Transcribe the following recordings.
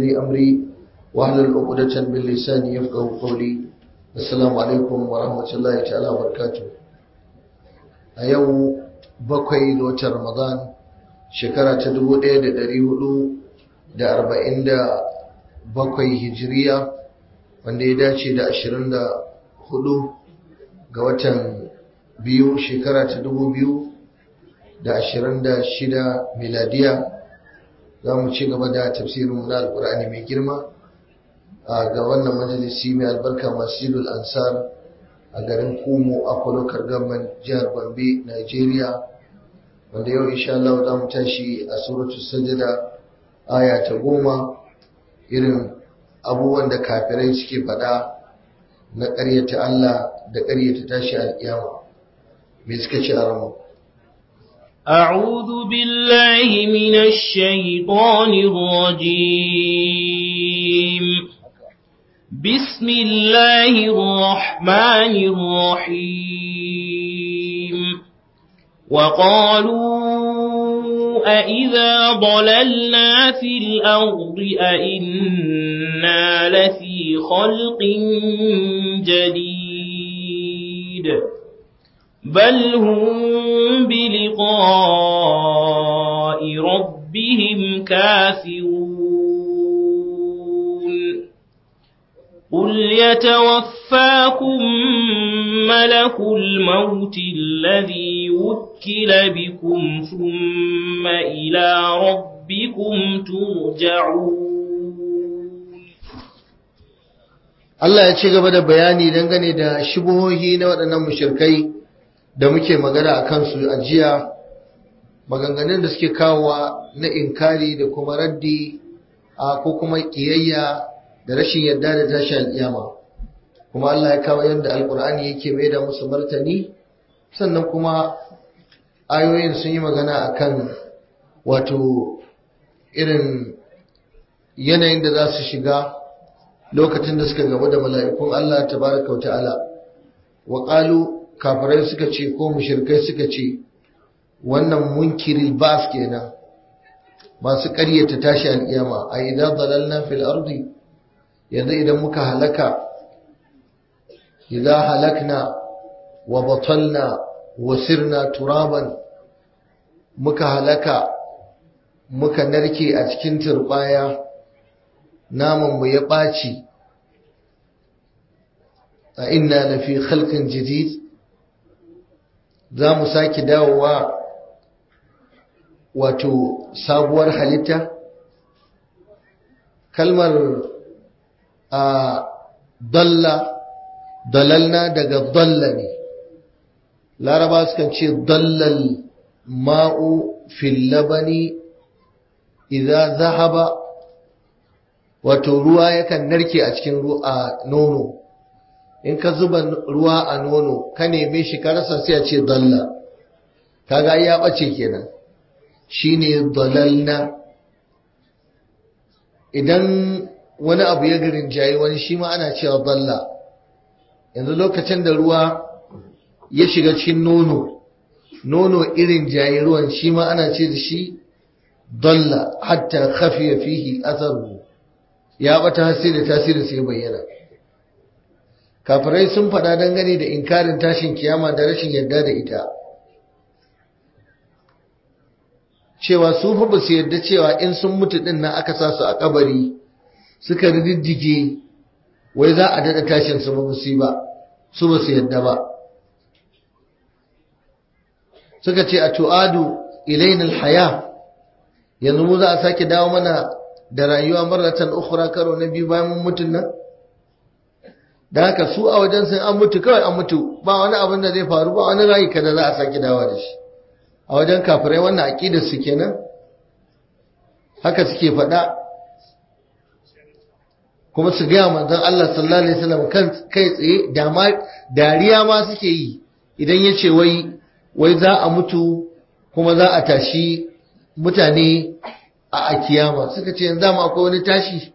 li amri wa ahlul uqdatan bil lisan yafqahu qawli assalamu alaikum wa rahmatullahi ta'ala wa a yau bakwai lotar ramadan shekara ta dubu ɗaya da ɗari hudu da arba'in da bakwai hijiriya wanda ya dace da ashirin da hudu ga watan biyu shekara ta dubu biyu da ashirin da shida miladiyya za mu ci gaba da tafsirin na alkur'ani mai girma ga wannan majalisi mai albarka masjidul ansar a garin kumo a kwalokar gaban jihar gombe nigeria wanda yau insha Allah za mu tashi a suratul sajada aya ta goma irin abubuwan da kafirai suke faɗa na ƙaryata Allah da ƙaryata tashi alƙiyama me suka ci a ramu أعوذ بالله من الشيطان الرجيم بسم الله الرحمن الرحيم وقالوا أئذا ضللنا في الأرض أئنا لفي خلق جديد بل هم بلقاء ربهم كافرون قل يتوفاكم ملك الموت الذي وكل بكم ثم إلى ربكم ترجعون الله يتشغب ci gaba da bayani dangane da shubuhohi na da muke magana a kansu a jiya maganganun da suke kawowa na inkari da kuma raddi a ko kuma ƙiyayya da rashin yadda da tashi alƙiyama kuma Allah ya kawo yadda alkur'ani yake mai da musu martani sannan kuma ayoyin sun yi magana a kan wato irin yanayin da za su shiga lokacin da suka gaba da mala'ikun Allah Ta baraka wa ta'ala wa ƙalu kafirai suka ce ko mushirkai suka ce wannan munkiri bas kenan masu ƙaryata tashi alƙiyama a idan dalalna fil ardi yanzu idan muka halaka idan halakna wa batalna wa sirna turaban muka halaka muka narke a cikin turbaya namanmu ya ɓaci a inna fi khalqin jadid za mu sake dawowa wato sabuwar halitta kalmar a dalla dalalna daga dalla ne laraba sukan ce dallal ma'u fil labani zahaba wato ruwa yakan narke a cikin ruwa nono in ka zuba ruwa a nono ka neme shi ka rasa sai a ce dalla ga ya bace kenan "Shi ne dalalna idan wani abu ya garin jayi wani shi ma ana cewa dalla yanzu lokacin da ruwa ya shiga cikin nono nono irin jayi ruwan shi ma ana ce da shi dalla hatta khafiya fihi atharu ya bata tasiri tasiri sai bayyana kafirai sun faɗa dangane da inkarin tashin kiyama da rashin yarda da ita cewa su fa ba su yarda cewa in sun mutu din nan aka sa su a kabari suka riddige wai za a daɗa tashin su ba su ba su ba su yarda ba suka ce a tu'adu ilaina alhaya yanzu mu za a sake dawo mana da rayuwa maratan ukhra karo na biyu bayan mun mutun nan da haka su a wajen sun an mutu kawai an mutu ba wani abin da zai faru ba wani rayu kada za a saki dawa da shi a wajen kafirai wannan aƙidar su kenan haka suke faɗa kuma su gaya manzon Allah sallallahu alaihi wasallam kan kai tsaye da ma dariya ma suke yi idan ya ce wai wai za a mutu kuma za a tashi mutane a akiyama suka ce yanzu ma akwai wani tashi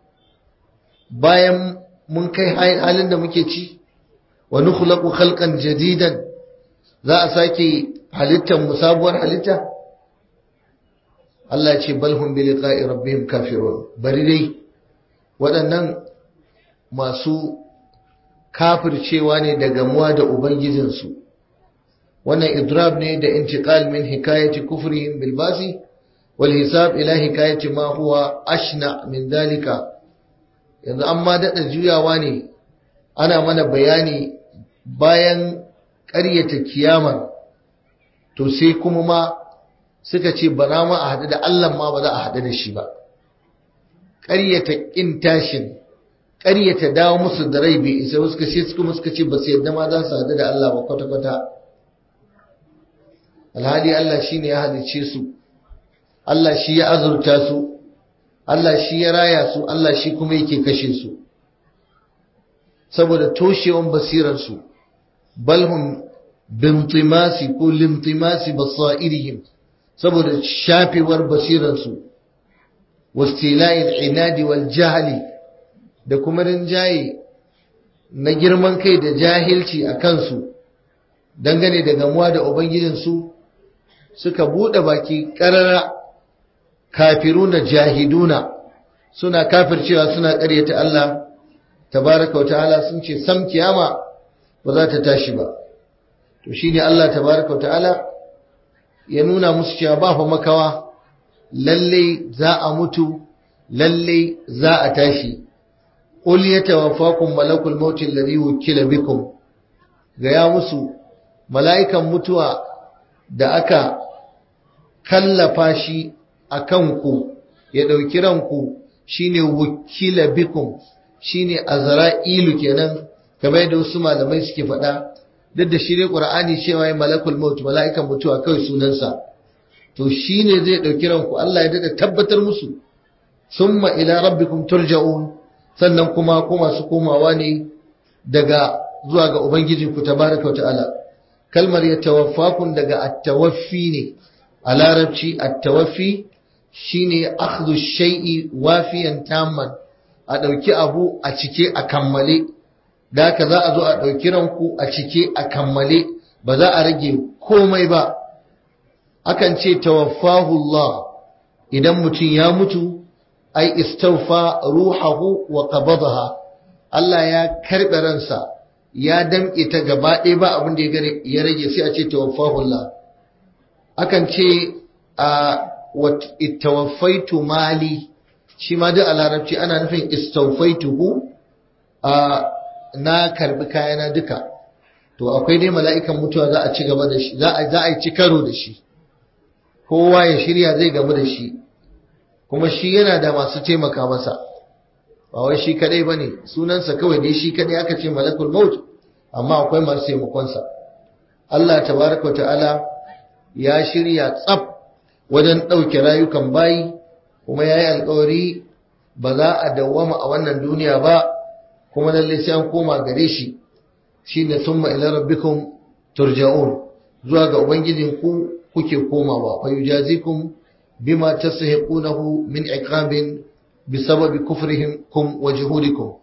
bayan mun kai halin da muke ci wa nukhlaqu khalqan jadidan za a sake halittar mu sabuwar halitta Allah ce bal hum bi liqa'i rabbihim kafirun bari dai waɗannan masu kafircewa ne da gamuwa da ubangijinsu wannan idrab ne da intiqal min hikayati kufrihim bil basi wal hisab ila hikayati ma huwa ashna min dalika yanzu an ma daɗa juyawa ne ana mana bayani bayan ƙaryata kiyamar to sai kuma ma suka ce ba na ma a haɗu da Allah ma ba za a haɗu da shi ba ƙaryata ƙin tashin ƙaryata dawo musu da rai bai isa suka ce suka suka ce ba su yadda ma za su haɗu da Allah ba kwata-kwata alhali Allah shi ne ya halicce su Allah shi ya azurta su Allah shi ya raya su Allah shi kuma yake kashe su saboda toshewan basirarsu balhum bintimasi ko limtimasi basairihim saboda shafewar basirarsu wastila'il inadi wal jahali da kuma rinjaye na girman kai da jahilci a kansu dangane da gamuwa da ubangijinsu suka buɗe baki ƙarara kafiruna jahiduna suna cewa suna ƙaryata Allah tabaraka wa ta'ala sun ce sam kiyama ba za ta tashi ba to shine Allah tabaraka wa ta'ala ya nuna musu cewa ba fa makawa lalle za a mutu lalle za a tashi qul yatawaffakum malakul maut alladhi wukila bikum ga ya musu mala'ikan mutuwa da aka kallafa shi a kanku ya ɗauki ranku shine wukila bikum shine azra'ilu kenan game da wasu malamai suke faɗa duk da shi ne qur'ani cewa ya malakul maut mala'ikan mutuwa kai sunansa to shine zai ɗauki ranku Allah ya dada tabbatar musu summa ila rabbikum turja'un sannan kuma kuma su komawa ne daga zuwa ga ubangijinku tabaraka wa ta'ala kalmar ya tawaffakun daga at-tawaffi ne a larabci at-tawaffi shine akhdhu shay'i wafiyan tamman a ɗauki abu a cike a kammale da ka za a zo a dauki ranku a cike a kammale ba za a rage komai ba akan ce tawaffahu Allah idan mutum ya mutu ai istawfa ruhahu wa qabadaha Allah ya karɓe ransa ya damƙe ta gaba ɗaya ba abin da ya rage sai a ce tawaffahu Allah akan ce a ittawaffaitu mali shi ma duk a larabci ana nufin istawfaituhu a na karbi kayana duka to akwai dai mala'ikan mutuwa za a ci gaba da shi za a yi ci karo da shi kowa ya shirya zai gamu da shi kuma shi yana da masu taimaka masa ba wai shi kadai bane sunansa kawai dai shi kadai aka ce malakul maut amma akwai masu taimakonsa Allah tabaraka ta'ala ya shirya tsaf wajen ɗauke rayukan bayi kuma ya yi alƙawari ba za a dawwama a wannan duniya ba kuma lallai sai an koma gare shi shi shine sun ma'ila rabbikun turja'un zuwa ga ubangijin ku kuke komawa fa yujazikum bima tastahiqunahu min iqabin bisababi kufrihim kum wa juhudikum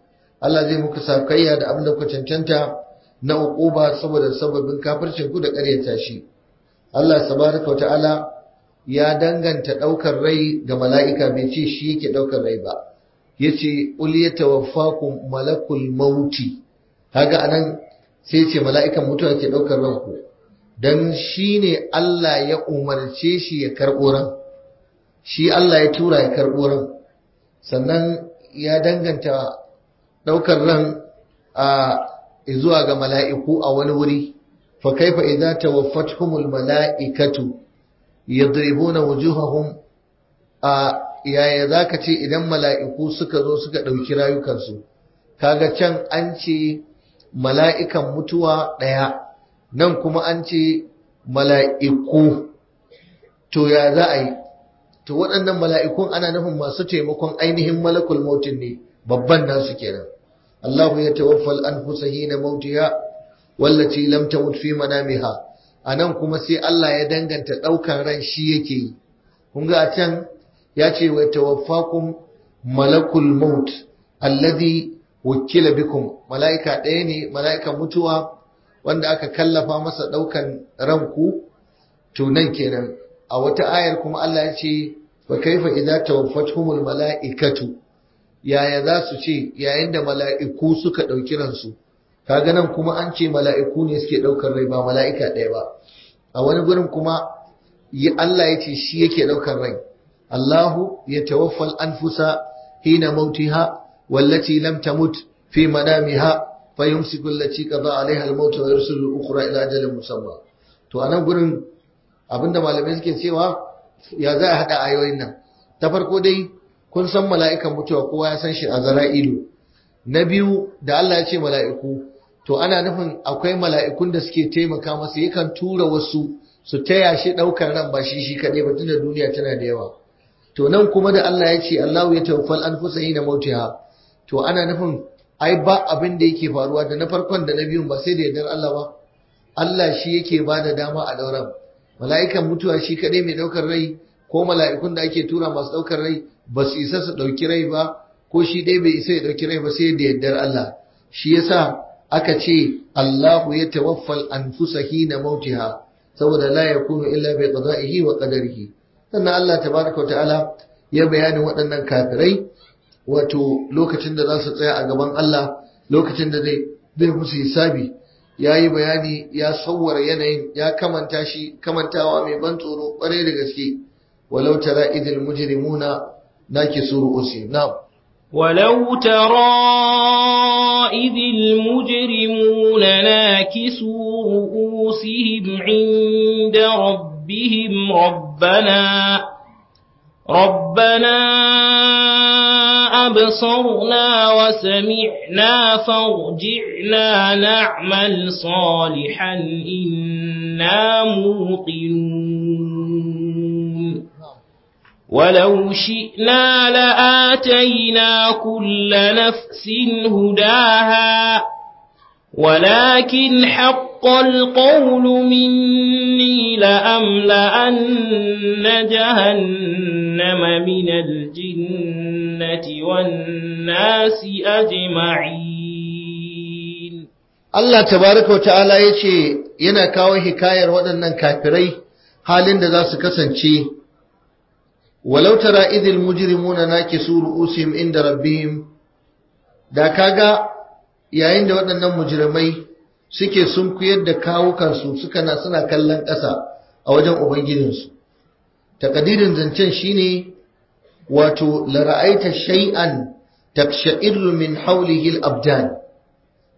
Allah zai muku sakayya da abin da ku cancanta na ba saboda sababin kafircin ku da ƙaryata shi Allah subhanahu wa ta'ala ya danganta ɗaukar rai ga mala'ika bai ce shi yake ɗaukar rai ba ya ce uliyata malakul mauti haga anan sai ce mala'ikan mutuwa ke ɗaukar ranku don shi ne Allah ya umarce shi ya karɓo ran shi Allah ya tura ya karɓo ran sannan ya danganta ɗaukar ran a zuwa ga mala'iku a wani wuri fa kaifa idza tawaffatuhumul mala'ikatu yadribuna wujuhahum a yaya zaka ce idan mala'iku suka zo suka ɗauki rayukansu kaga can an ce mala'ikan mutuwa ɗaya nan kuma an ce mala'iku to ya za a yi to waɗannan mala'ikun ana nufin masu taimakon ainihin malakul mautin ne babban nasu kenan Allahu ya tawaffal anfusahi na mautiya wallati lam tamut fi manamiha a nan kuma sai Allah ya danganta ɗaukar ran shi yake yi kunga a can ya ce wa tawaffakum malakul maut alladhi wakila bikum mala'ika ɗaya ne mala'ikan mutuwa wanda aka kallafa masa ɗaukan ranku to nan kenan a wata ayar kuma Allah ya ce wa kaifa idza tawaffatuhumul mala'ikatu yaya za su ce yayin da mala'iku suka ɗauki ransu kaga nan kuma an ce mala'iku ne suke ɗaukar rai ba mala'ika ɗaya ba a wani gurin kuma Allah ya ce shi yake ɗaukar rai Allahu ya tawaffal anfusa hina mautiha wallati lam tamut fi manamiha fa yumsiku allati qada alaiha al-maut wa yursilu al-ukhra ila ajalin musamma to anan gurin abinda malamai suke cewa ya za a hada ayoyin nan ta farko dai kun san mala'ikan mutuwa kowa ya san shi a zara'ilu na biyu da Allah ya ce mala'iku to ana nufin akwai mala'ikun da suke taimaka masa yakan tura wasu su taya shi ɗaukar ran ba shi shi kaɗai ba tunda duniya tana da yawa to nan kuma da Allah ya ce Allahu ya tawaffal anfusa na mautiha to ana nufin ai ba abin da yake faruwa da na farkon da na biyun ba sai da yardar Allah ba Allah shi yake ba da dama a dauran mala'ikan mutuwa shi kadai mai ɗaukar rai ko mala'ikun da ake tura masu ɗaukar rai ba su isa su dauki rai ba ko shi dai bai isa ya ɗauki rai ba sai da yardar Allah shi yasa aka ce Allahu ya tawaffal anfusa na mautiha saboda la yakunu illa bi qada'ihi wa qadarihi sannan Allah tabaraka ta'ala ya bayanin waɗannan kafirai wato lokacin da za su tsaya a gaban Allah lokacin da zai zai musu hisabi ya yi bayani ya sauwara yanayin ya kamanta shi kamantawa mai ban tsoro kwarai da gaske walau tara idil mujrimuna naki suru usi na'am ولو ترى إذ المجرمون ناكسوا رؤوسهم عند ربهم ربنا ربنا أبصرنا وسمعنا فارجعنا نعمل صالحا إنا موقنون ولو شئنا لآتينا كل نفس هداها ولكن حق القول مني لأملأن جهنم من الجنة والناس أجمعين الله تبارك وتعالى يتي ينا كاوي حكاية ودنا كافري halin da za su kasance Walautara tara idil mujrimuna nakisu su inda rabbihim da kaga yayin da waɗannan mujrimai suke sunkuyar da kawukansu suka na suna kallon ƙasa a wajen ubangijinsu takadirin zancen shine wato lara'aita shay'an taksha'irru min hawlihi al-abdan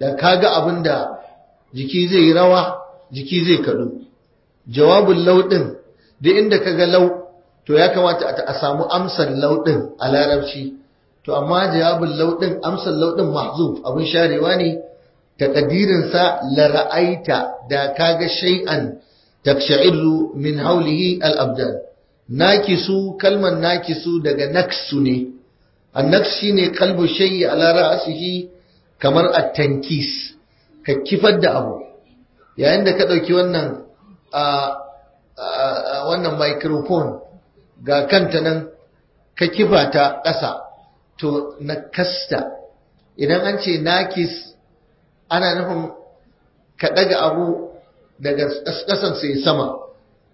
da kaga abinda jiki zai yi rawa jiki zai kadu jawabul law din da inda kaga law to ya kamata a samu amsar lauɗin a larabci to amma jawabin lauɗin amsar lauɗin mahzuf abin sharewa ne takadirinsa la ra'aita da kaga shay'an taksha'irru min haulihi al kalmar nakisu kalman nakisu daga naksu ne annaks shine kalbu shay'i ala ra'sihi kamar at-tankis ka kifar da abu yayin da ka ɗauki wannan a wannan microphone ga kanta nan ka kifa ta ƙasa to na kasta idan an ce nakis ana nufin ka ɗaga abu daga ƙasan sai sama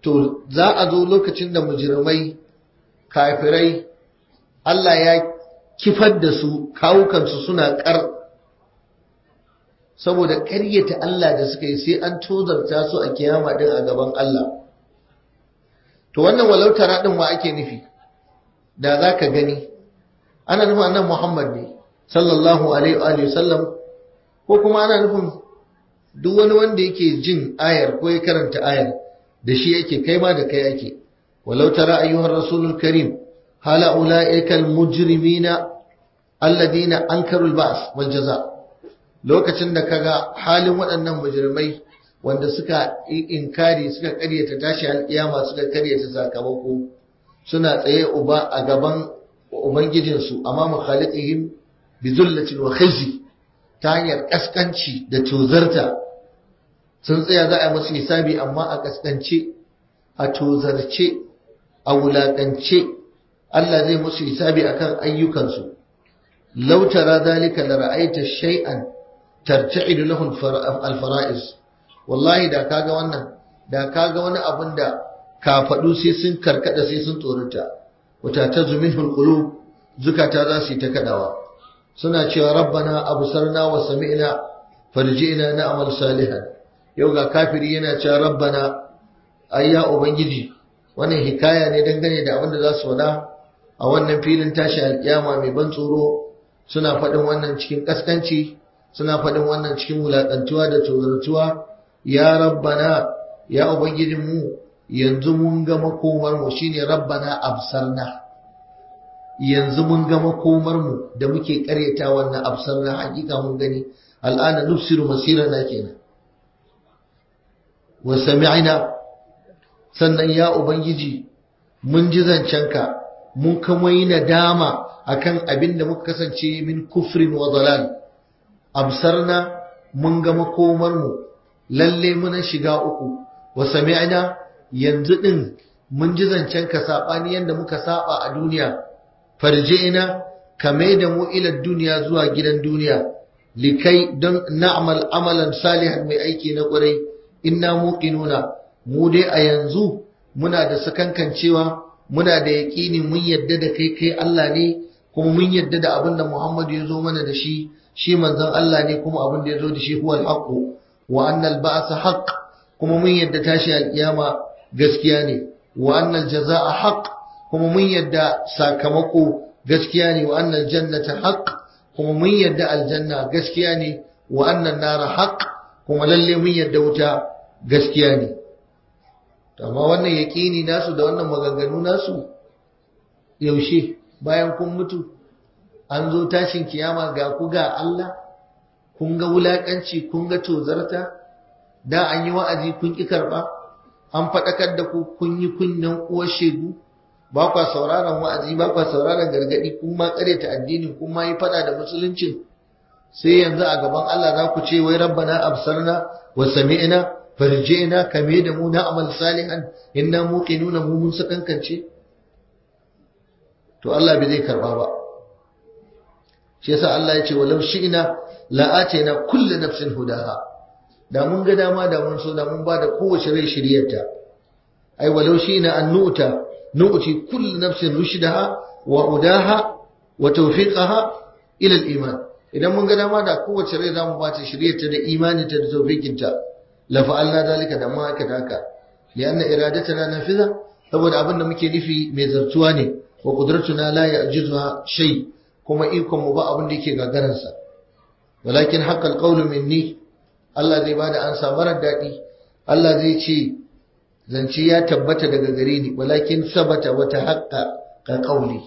to za a zo lokacin da mujirmai kafirai Allah ya kifar da su kawukansu suna ƙar saboda ƙaryata Allah da suka yi sai an tozarta su a kiyama ɗin a gaban Allah to wannan walauta ɗin wa ake nufi da za ka gani ana nufin annan muhammad ne sallallahu alaihi wa sallam ko kuma ana nufin duk wani wanda yake jin ayar ko ya karanta ayar da shi yake kai ma da kai ake Walauta ayyuhar rasulul karim hala ula mujirimi na alladina ankarul ba's wal jaza lokacin da kaga halin waɗannan mujirimai. wanda suka inkari suka karyata tashi alkiyama suka karyata sakamako suna tsaye uba a gaban ubangijinsu amma mukhaliqihim bi zullatin wa khizi ta hanyar kaskanci da tozarta sun tsaya za a musu hisabi amma a kaskance a tozarce a wulakance Allah zai musu hisabi akan ayyukansu lautara zalika la ra'aita shay'an tarta'idu lahu al-fara'is wallahi da kaga wannan da kaga wani abun da ka kafaɗu sai sun karkada sai sun tsorata wata ta zumihul qulub zukata za su yi ta kadawa suna cewa rabbana absarna wa sami'na farji'na na'mal salihan yau ga kafiri yana cewa rabbana ayya ubangiji wannan hikaya ne dangane da abin da za su faɗa a wannan filin tashi alkiyama mai ban tsoro suna faɗin wannan cikin ƙaskanci suna faɗin wannan cikin wulaƙantuwa da tsoratuwa ya rabbana ya ubangijinmu yanzu mun ga makomarmu shine rabbana absarna yanzu mun ga makomarmu da muke karyata wannan absarna hakika mun gani al'ana nufsiru masirana kenan wa sami'ina sannan ya ubangiji mun ji zancenka mun kuma yi nadama akan abin da muka kasance min kufrin wa dalal absarna mun ga makomarmu lalle muna shiga uku wa sami'na yanzu din mun ji zancen ka ni yanda muka saba a duniya farji'na mai da mu ila duniya zuwa gidan duniya likai don na'amal amalan salihan mai aiki na kwarai inna muqinuna mu dai a yanzu muna da sakankan cewa? muna da yaƙini mun yadda da kai kai Allah ne kuma mun yadda da abin da Muhammadu ya zo mana da shi shi manzon Allah ne kuma abin da ya zo da shi huwal haqqu wa annal ba'sa haqq kuma mun yadda tashi alkiyama gaskiya ne wa annal jazaa'a haqq kuma mun yadda sakamako gaskiya ne wa annal jannata haqq kuma mun yadda aljanna gaskiya ne wa annan nara haqq kuma lalle mun yadda wuta gaskiya ne amma wannan yaqini nasu da wannan maganganu nasu yaushe bayan kun mutu an zo tashin kiyama ga ku ga Allah kun ga wulakanci kun ga tozarta da an yi wa'azi kun ki karba an faɗakar da ku kun yi kunnen uwar shegu ba kwa sauraron wa'azi ba kwa sauraron gargadi kun ma ta addinin kun ma yi faɗa da musuluncin sai yanzu a gaban Allah za ku ce wai rabbana absarna wa sami'na farji'na kame da mu na amal salihan inna muqinuna mu mun sakankance to Allah bai zai karba ba shi yasa Allah ya ce walau ina. na kulle nafsin hudaha da mun ga dama da mun so da mun ba da kowace rai shiryarta ai walau an nuta nu'ti kulle nafsin rushdaha wa udaha wa tawfiqaha ila al-iman idan mun ga dama da kowace rai zamu ba ta shiryarta da imani ta da tawfiqinta la fa'alna dalika da ma aka haka lianna iradatana nafiza saboda abin da muke nufi mai zartuwa ne wa qudratuna la ya'jizuha shay kuma ikon mu ba abin da yake gagararsa walakin haqqal qawlu minni Allah zai bada ansa marar daɗi. Allah zai ce zance ya tabbata daga gare ni walakin sabata bata haƙƙa ka qawli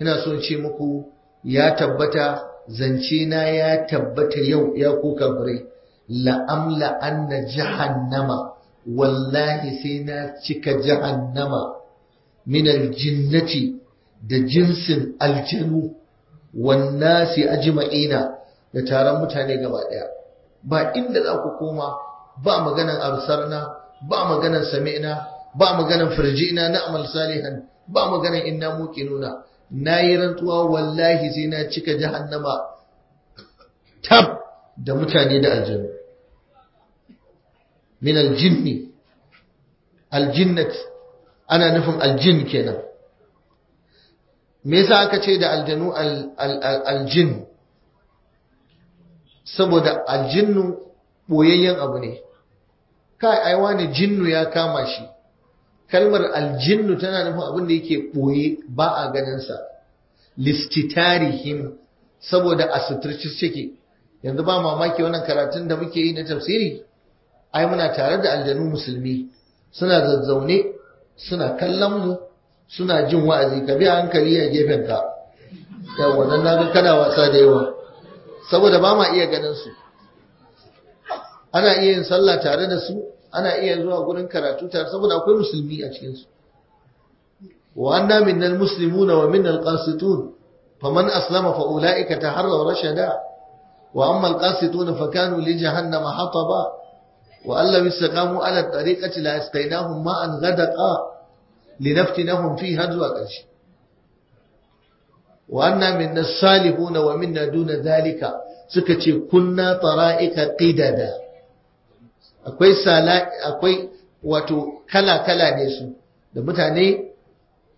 ina so ce muku ya tabbata zance na ya tabbata yau ya ku la'am la'amla jihan jahannama wallahi sai na cika jahannama min aljinnati da jinsin aljanu wannasi ajma'ina da taron mutane gaba ɗaya ba inda za ku koma ba maganan absarna ba maganan sami'na ba maganan firjina na amal salihan ba maganan inna muqinuna nayi rantsuwa wallahi sai na cika jahannama tab da mutane da aljanu min aljinni aljinnat ana nufin aljin kenan me yasa aka ce da aljanu aljin saboda aljinnu boyayyen abu ne kai ai wani jinnu ya kama shi kalmar aljinnu tana nufin abin da yake ɓoye ba a ganinsa listitarihim saboda a suturci ciki, yanzu ba mamaki wannan karatun da muke yi na tafsiri ai muna tare da aljanu musulmi suna zazzaune suna kallon mu suna jin wa'azi ka bi hankali a gefenka yawon nan na kana wasa da yawa saboda ba ma iya ganin su ana iya yin sallah tare da su ana iya zuwa gurin karatu tare saboda akwai musulmi a cikin su wa anna minnal muslimuna wa minnal qasitun faman aslama fa ulaika taharraw rashada wa amma al qasitun fa kanu li jahannama hataba wa allam istaqamu ala tariqati la istaynahum ma'an ghadaqa linaftinahum fiha zuwa ƙarshe wa anna minna salihuna wa minna duna zalika suka ce kunna tara'ika qidada akwai sala akwai wato kala kala ne su da mutane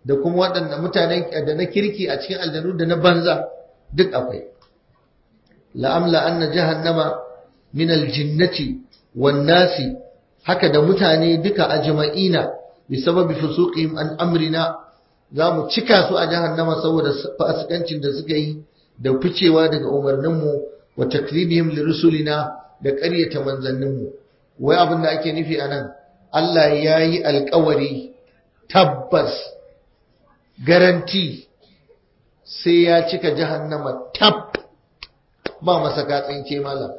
da kuma waɗanda mutane da na kirki a cikin aljanu da na banza duk akwai la'amla anna jahannama min aljinnati wan nasi haka da mutane duka ajma'ina bi sababi fusuqihim an amrina za mu cika su a jahannama saboda fasikancin da suka yi da ficewa daga umarninmu wa takribihim li rusulina da ƙaryata manzanninmu wai abin da ake nufi a nan Allah ya yi alkawari tabbas garanti sai ya cika jahannama tab ba masa katsinke malam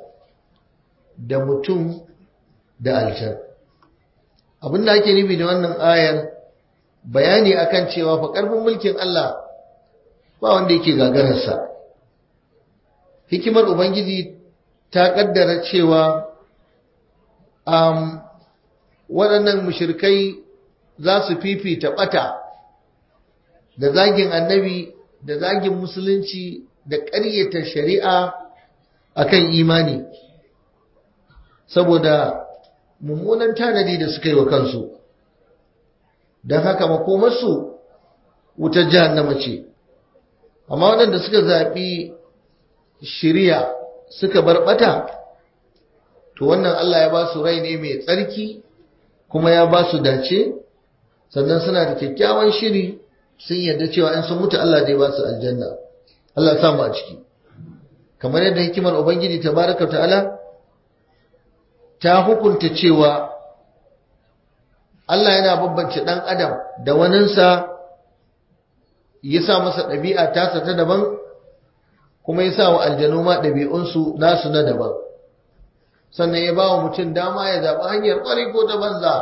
da mutum da alshar abin da ake nufi da wannan ayar bayani akan cewa fa karfin mulkin Allah ba wanda yake gagararsa hikimar ubangiji ta ƙaddara cewa um, waɗannan mushirkai za su fifita ɓata da zagin annabi da zagin musulunci da ƙaryata shari'a akan imani saboda mummunan tanadi da suka yi wa kansu don haka makomarsu wutar jahannama ce amma waɗanda suka zaɓi shirya suka barbata to wannan Allah ya ba su rai ne mai tsarki kuma ya ba su dace sannan suna da kyakkyawan shiri sun yarda cewa in sun mutu Allah dai ba su aljanna Allah samu a ciki kamar yadda hikimar ubangiji ta tabaraka ta'ala ta hukunta cewa Allah yana bambance ɗan adam da waninsa ya sa masa ɗabi'a tasa ta daban kuma ya sa wa aljanu ma ɗabi'unsu nasu na daban sannan ya ba wa mutum dama ya zaɓi hanyar ƙwari ko ta banza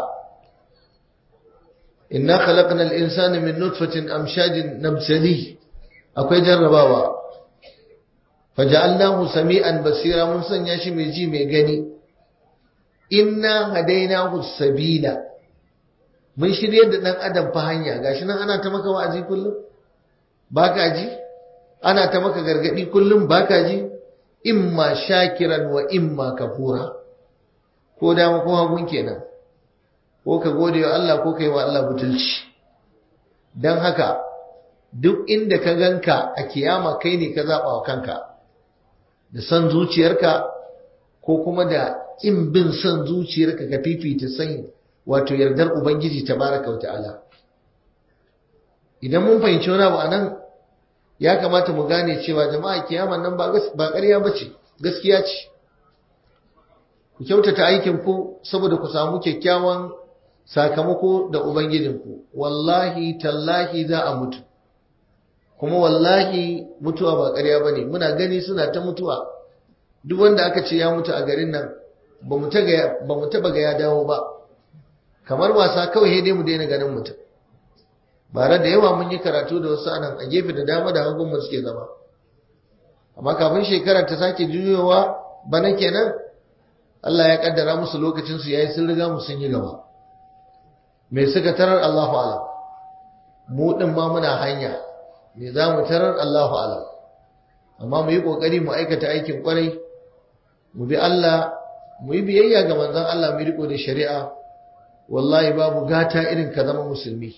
inna khalaqna al-insana min nutfatin amshajin nabsali akwai jarrabawa faja'alnahu sami'an basira mun sanya shi mai ji mai gani inna hadainahu sabila mun shirye da ɗan adam fa hanya gashi nan ana ta maka wa'azi kullum ba ka ji ana ta maka gargaɗi kullum ba ka ji imma shakiran wa imma kafura ko dama ko hagun kenan ko ka gode wa Allah ko ka yi wa Allah butulci don haka duk inda ka ganka a kiyama kai ne ka zaɓa wa kanka da san zuciyarka ko kuma da in bin son zuciyarka ka fifita sai wato yardar ubangiji ta baraka wa ta'ala idan mun fahimci wani abu anan ya kamata mu gane cewa jama'a kiyaman nan ba ƙarya ba ce gaskiya ce ku kyautata aikin ku saboda ku samu kyakkyawan sakamako da ku wallahi tallahi za a mutu kuma wallahi mutuwa ba ƙarya ba ne muna gani suna ta mutuwa duk wanda aka ce ya mutu a garin nan ba mu taɓa ga ya dawo ba kamar wasa kawai dai mu daina ganin mutum bare da yawa mun yi karatu da wasu anan a gefe da dama da hagun mu suke zama amma kafin shekara ta sake juyowa bana kenan Allah ya kaddara musu lokacin su yayi sun riga mu sun yi gaba me suka tarar Allahu ala? mu din ma muna hanya me za mu tarar Allahu ala? amma mu yi kokari mu aikata aikin kwarai mu bi Allah mu yi biyayya ga manzon Allah mu riko da shari'a wallahi babu gata irin ka zama musulmi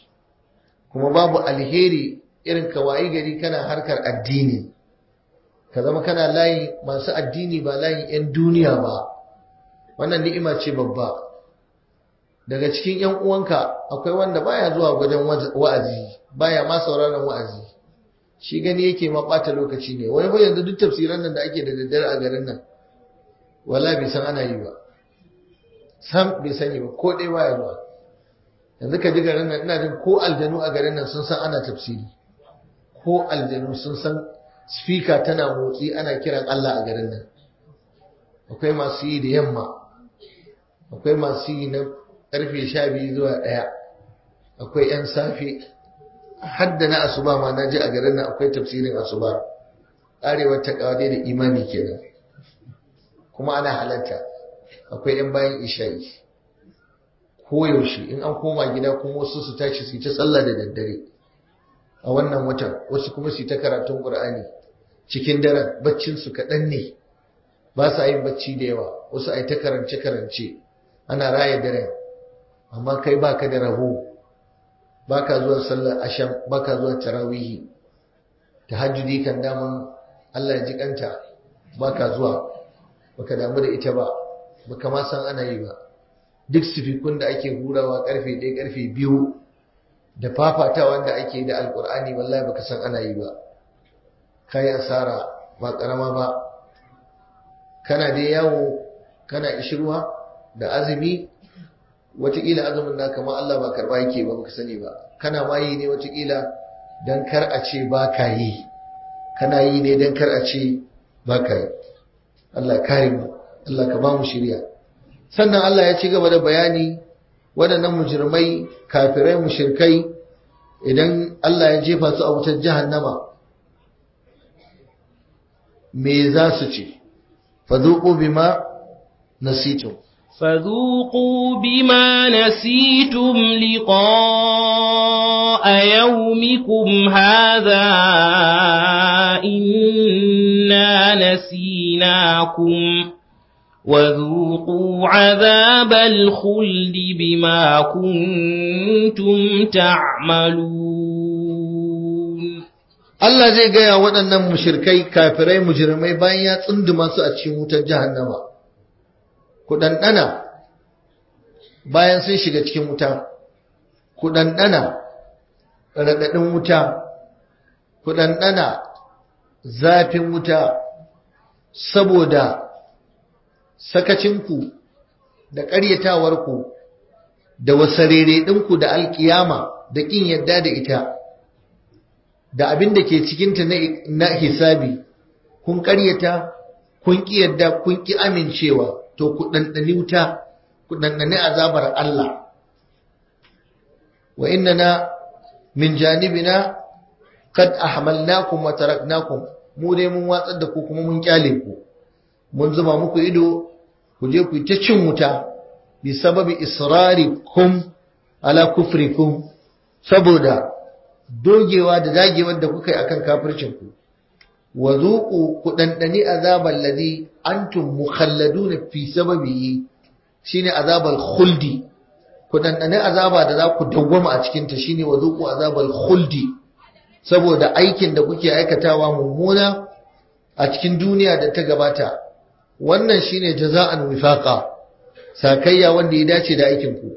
kuma babu alheri irin ka wayi gari kana harkar addini ka zama kana layi masu addini ba layi 'yan duniya ba wannan ni'ima ce babba daga cikin 'yan uwanka akwai wanda baya zuwa wajen wa'azi baya ma sauraron wa'azi shi gani yake ma bata lokaci ne wani ba yanzu duk tafsiran nan da ake da daddare a garin nan wala bai ana yi ba sam bai sani ba ko daya waya ruwa yanzu ka ji garin nan ina jin ko aljanu a garin nan sun san ana tafsiri ko aljanu sun san speaker tana motsi ana kiran Allah a garin nan akwai masu yi da yamma akwai masu yi na karfe sha biyu zuwa ɗaya akwai 'yan safe hadda na asuba ma naji ji a garin nan akwai tafsirin asuba Arewar ta ƙawa da imani kenan kuma ana halatta akwai ‘yan bayan isha'i koyaushe in an koma gida kuma wasu su tashi su yi ta sallah da daddare a wannan watan wasu kuma su ta karatun ƙur'ani cikin daren baccinsu kaɗan ne ba su yin bacci da yawa wasu ai ta karance-karance ana raya daren amma kai ba ka da rabo ba ka zuwa sallar asham ba ka zuwa tarawihi tahajjudi kan daman Allah ya ji kanta ba ka zuwa ba ka damu da ita ba baka ma san ana yi ba duk sifikun da ake hurawa karfe ɗaya karfe biyu da fafata wanda ake da alkur'ani wallahi baka san ana yi ba kai asara ba karama ba kana dai yawo kana ishirwa da azumi watakila azumin naka ma Allah ba karba yake ba baka sani ba kana ma yi ne watakila dan kar a ce ba ka yi kana yi ne dan kar a ce ba ka yi Allah kare mu Allah ka ba mu shirya sannan Allah ya ci gaba da bayani waɗannan mujirmai kafirai mushirkai idan Allah ya jefa su a wutar jahannama me za su ce fadhuqu bima nasitum فذوقوا بما نسيتم لقاء يومكم هذا إنا نسيناكم وذوقوا عذاب الخلد بما كنتم Allah zai gaya waɗannan mushirkai kafirai mujirmai bayan ya tsunduma su a cikin wutar jahannama ku ɗanɗana bayan sun shiga cikin wuta ku raɗaɗin wuta kuɗanɗana zafin wuta saboda sakacinku da ƙaryatawarku da wasarere ɗinku da alkiyama da ƙin yadda da ita da abin da ke cikinta na hisabi kun ƙaryata kun ƙi yadda kun ƙi amincewa to ku ɗanɗani wuta ku ɗanɗani azabar Allah wa na, min janibina kad ahmalnakum wa taraknakum mu dai mun watsar da ku kuma mun kyale ku mun zuma muku ido ku je ku ta cin wuta bi sababi israrikum ala kufrikum saboda dogewa da dagewar da kuka yi akan kafircin ku wa zuqu ku dandani azabal ladhi antum mukhalladun fi sababihi shine azabal khuldi ku dandani azaba da za ku dawwama a cikin ta shine wa zuqu azabal khuldi saboda aikin da kuke aikatawa mummuna a cikin duniya da ta gabata wannan shine jaza'an wifaqa sakayya wanda ya dace da aikin ku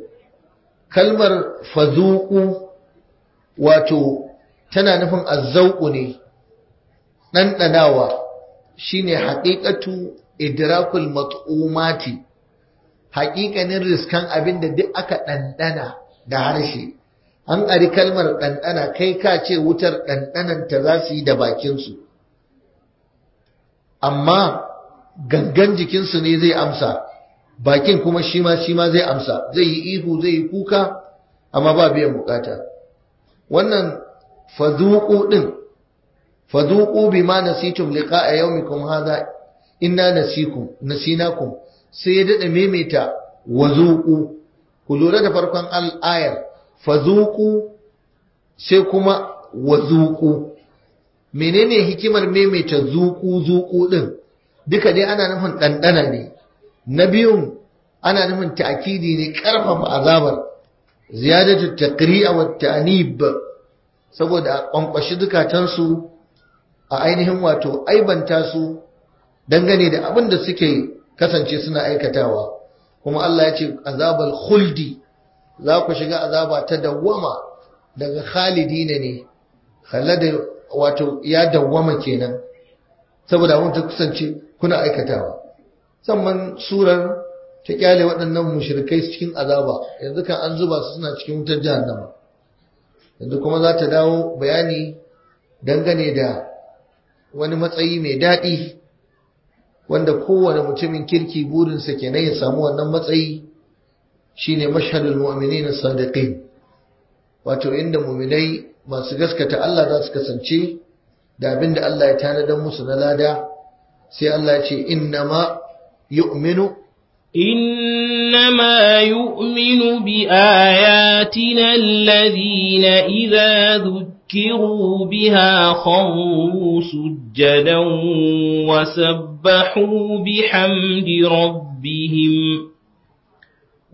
kalmar fazuku wato tana nufin azzauku ne ɗanɗanawa shine haƙiƙatu idrakul mat'umati haƙiƙanin riskan abin da duk aka ɗanɗana da harshe an ari kalmar ɗanɗana kai ka ce wutar ɗanɗananta za su yi da bakinsu amma gangan jikinsu ne zai amsa bakin kuma shi ma zai amsa zai yi ihu zai yi kuka amma ba biyan bukata wannan fazuku din fazuku ma nasitum liqa'a yawmikum hadha inna nasikum nasinakum sai ya dada maimaita wazuku ku lura da farkon al'ayar fazuku sai kuma wazuku menene hikimar maimaita zuku zuku din duka dai ana nufin ɗanɗana ne na biyun ana nufin ta'kidi ne ƙarfafa azabar ziyadatu a wa ta'nib saboda a kwankwashi dukatansu a ainihin wato aibanta su dangane da abin da suke kasance suna aikatawa kuma Allah ya ce azabar huldi za ku shiga azaba ta dawwama daga khalidina ne khalada wato ya dawwama kenan saboda mun kusance kuna aikatawa sannan surar ta kyale waɗannan mushrikai cikin azaba yanzu kan an zuba su suna cikin wutar jahannama yanzu kuma za ta dawo bayani dangane da wani matsayi mai daɗi wanda kowane mutumin kirki burinsa kenan ya samu wannan matsayi shine mashhadul na sadiqin wato inda mu'minai masu gaskata Allah za su kasance da abin da Allah ya tanadan musu na lada سي الله يجي إنما يؤمن إنما يؤمن بآياتنا الذين إذا ذكروا بها خروا سجدا وسبحوا بحمد ربهم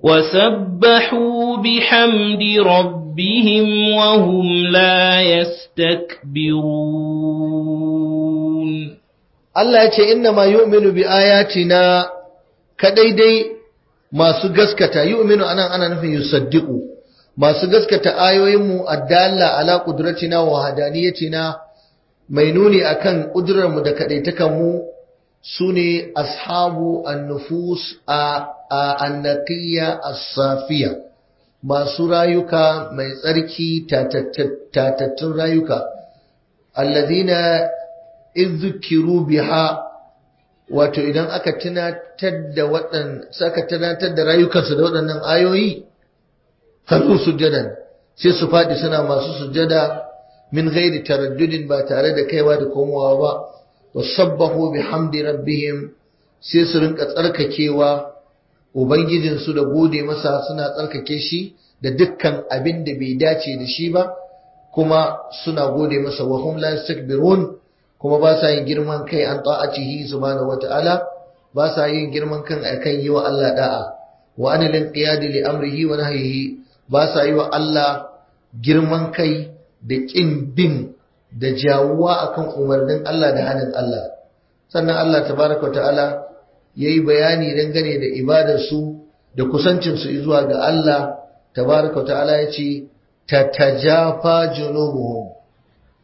وسبحوا بحمد ربهم وهم لا يستكبرون Allah ya ce inna ma yu'minu bi ayatina kadai dai masu gaskata yu'minu anan ana nufin yusaddiqu masu gaskata ayoyinmu addalla ala qudratina wa na mai nuni a kan kudurarmu da kadaitakanmu sune ashabu an-nufus a an a safiya masu rayuka mai tsarki tatattun rayuka alladhina izkiru biha wato idan aka tunatar da wadan saka tunatar da rayukansu da waɗannan ayoyi fasu sujjadan sai su faɗi suna masu sujada min ghairi taraddudin ba tare da kaiwa da komowa ba wasabbahu bihamdi rabbihim sai su rinka tsarkakewa ubangijin su da gode masa suna tsarkake shi da dukkan abin da bai dace da shi ba kuma suna gode masa wa hum la yastakbirun kuma ba sa yin girman kai an ta'atihi subhanahu ta'ala ba sa yin girman kan akan yi wa Allah da'a wa anil qiyadi li amrihi wa nahyihi ba sa yi wa Allah girman kai da kin bin da jawuwa akan umarnin Allah da hanin Allah sannan Allah tabaraka ta'ala yayi bayani dangane da ibadar su da kusancin su zuwa ga Allah tabaraka ta'ala yace tatajafa junubuhum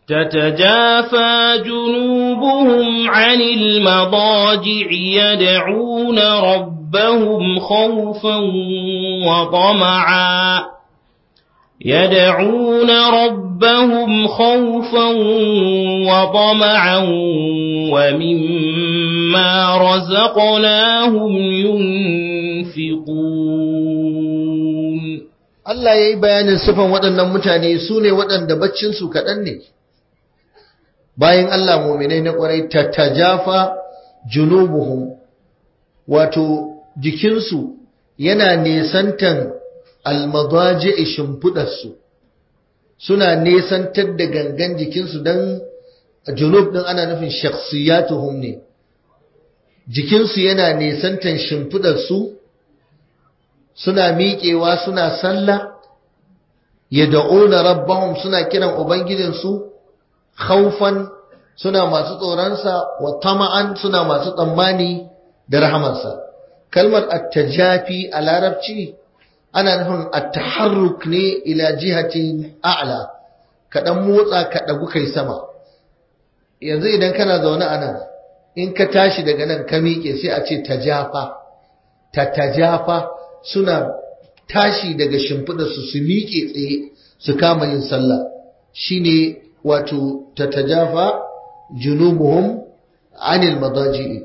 تتجافى جنوبهم عن المضاجع يدعون ربهم خوفا وطمعا يدعون ربهم خوفا وطمعا ومما رزقناهم ينفقون الله يبين السفن waɗannan المتاني سوني ne دبتشن baccinsu bayan Allah mu'minai na kwarai tattajafa junubuhum wato jikinsu yana nesantan almadaji shimfiɗarsu suna nesantar da gangan jikinsu don junub ɗin ana nufin shakhsiyatuhum ne jikinsu yana nesantan shimfiɗarsu suna miƙewa suna sallah ya da'una rabbahum suna kiran ubangijinsu khaufan suna masu tsoronsa wa tama'an suna masu tsammani da rahamarsa kalmar Attajafi a larabci ana nufin at-taharruk ne ila jihatin a'la Kaɗan motsa ka dagu kai sama yanzu idan kana zaune a nan in ka tashi daga nan ka miƙe sai a ce tajafa ta tajafa suna tashi daga shimfiɗarsu su miƙe tsaye su kama yin sallah shine wato tatajafa junubuhum anil madaji'i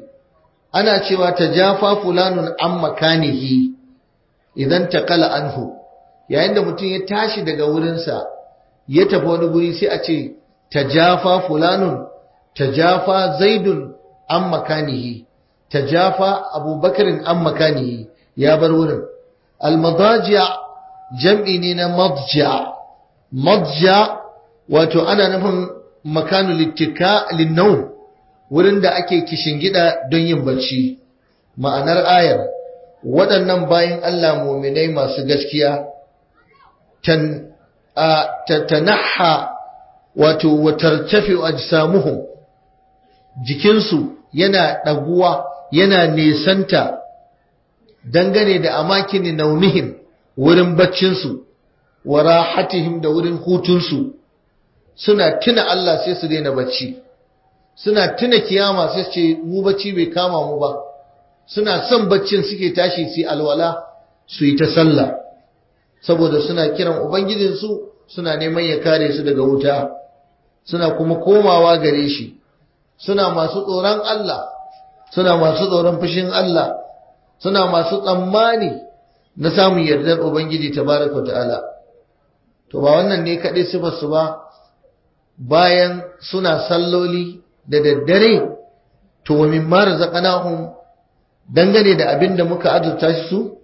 ana cewa tajafa fulanun an makanihi idan kala anhu yayin da mutum ya tashi daga wurinsa ya tafi wani guri sai a ce tajafa fulanun tajafa zaidun an makanihi tajafa abubakarin an makanihi ya bar wurin al almadajiya jam'i ne na madja madja wato ana nufin makanu littika linnau wurin da ake kishin gida don yin bacci ma'anar ayar waɗannan bayan Allah muminai masu gaskiya tatanaha wato watartafi ajsamuhum jikinsu yana ɗaguwa yana nesanta dangane da amakin naunihim wurin baccinsu wa rahatihim da wurin hutunsu suna tuna Allah sai su daina bacci suna tuna kiyama sai su ce mu bacci bai kama mu ba suna son baccin suke tashi su alwala su yi ta sallah saboda suna kiran ubangijinsu suna neman ya kare su daga wuta suna kuma komawa gare shi suna masu tsoron Allah suna masu tsoron fushin Allah suna masu tsammani na samun yardar ubangiji tabaraka ta'ala to ba wannan ne kaɗai su basu ba bayan suna salloli da daddare to wa min marzaqnahum dangane da abin da muka azurta su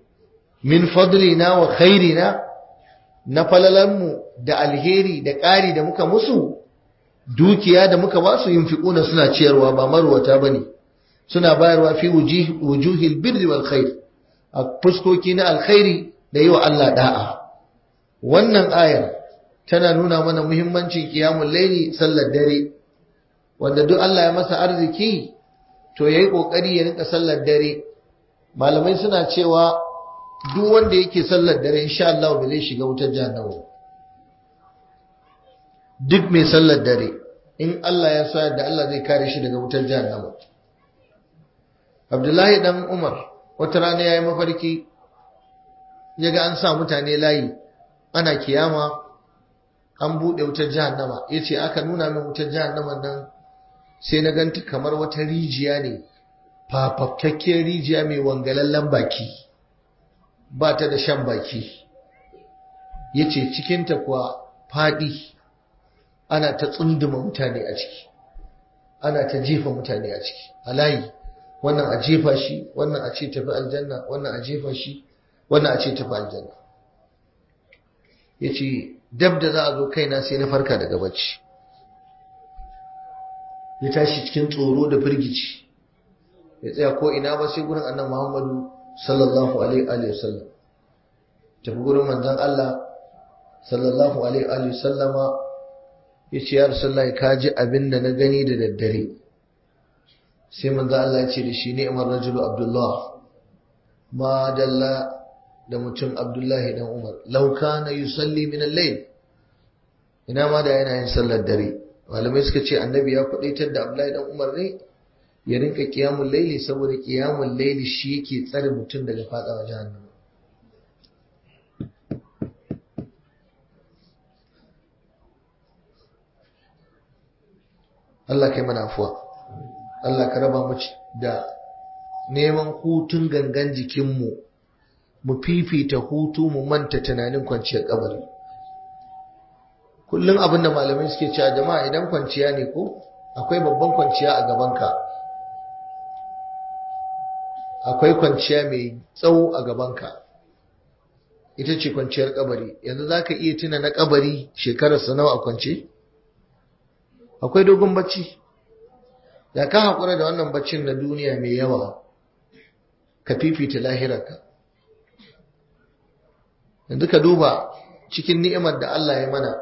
min fadlina wa khairina na falalanmu da alheri da ƙari da muka musu dukiya da muka ba su fiƙuna suna ciyarwa ba marwata ne, suna bayarwa fi wujuhil birri wal khair a fuskoki na alkhairi da yi wa Allah da'a wannan ayar tana nuna mana muhimmancin kiyamun laili sallar dare wanda duk Allah ya masa arziki to yayi kokari ya rinka sallar dare malamai suna cewa duk wanda yake sallar dare insha Allah ba zai shiga wutar jahannama duk mai sallar dare in Allah ya sa da Allah zai kare shi daga wutar jahannama Abdullahi dan Umar wata rana yayi mafarki yaga an sa mutane layi ana kiyama an buɗe wutar jahannama ya ce aka nuna min wutar jahannama nan sai na ganta kamar wata rijiya ne fafafkakken rijiya mai wangalallen baki ba ta da shan baki ya ce cikinta kuwa faɗi ana ta tsunduma mutane a ciki ana ta jefa mutane a ciki a layi wannan a jefa shi wannan a ce tafi aljanna wannan a jefa shi wannan a ce tafi aljanna ya ce dab da za a zo kaina sai na farka daga bacci ya tashi cikin tsoro da firgici ya tsaya ko ina ba sai gurin annan muhammadu sallallahu alaihi wa sallam tafi gurin manzon Allah sallallahu alaihi wa sallama ya ce ya rasulullahi ka ji abin da na gani da daddare sai manzon Allah ya ce da shi ne ni'mar rajulu abdullah ma dalla da mutum Abdullahi dan Umar na yi yusalli min al-layl ina ma da yana yin sallar dare malamai suka ce annabi ya kudaitar da Abdullahi dan Umar ne ya rinka qiyamul layli saboda qiyamul layli shi yake tsare mutum daga fadawa jahannama Allah kai mana afuwa Allah ka raba mu da neman hutun gangan jikinmu mu fifita hutu mu manta tunanin kwanciyar kabari kullum abin da malamai suke cewa jama'a idan kwanciya ne ko akwai babban kwanciya a gabanka akwai kwanciya mai tsawo a gabanka ita ce kwanciyar kabari yanzu za ka iya tuna na kabari shekararsa nawa a kwance akwai dogon bacci da ka haƙura da wannan baccin na duniya mai yawa ka fifita lahirarka yanzu ka duba cikin ni'imar da Allah ya mana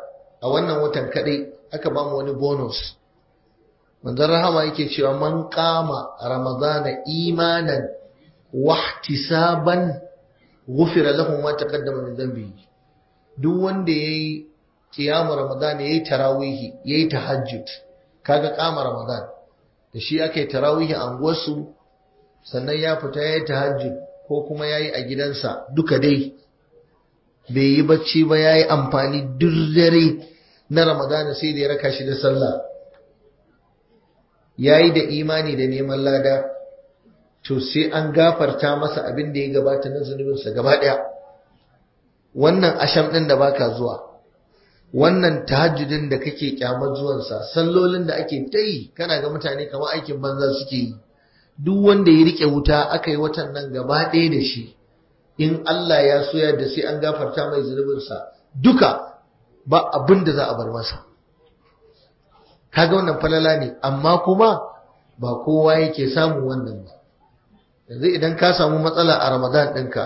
a wannan watan kaɗai, aka ba mu wani bonus manzan rahama yake cewa man kama ramadana imanan saban gufira lahu ma taqaddama min dhanbi duk wanda yayi kiyamu ramadana yayi tarawihi yayi tahajjud kaga kama ramadan da shi aka yi tarawihi a unguwarsu sannan ya fita yayi tahajjud ko kuma yayi a gidansa duka dai bai yi bacci ba ya yi amfani duk dare na ramadana sai da ya raka shi da sallah ya yi da imani da neman lada to sai an gafarta masa abin da ya gabata na zunubinsa gaba ɗaya wannan asham ɗin da baka zuwa wannan tahajjudin da kake kyamar zuwansa sallolin da ake ta yi kana ga mutane kamar aikin banza suke yi duk wanda ya rike wuta aka yi watan nan gaba ɗaya da shi in Allah ya soya da sai an gafarta mai zunubinsa duka ba abin da za a bar masa kaga wannan falala ne amma kuma ba kowa yake samun wannan ba yanzu idan ka samu matsala a ramadan ɗinka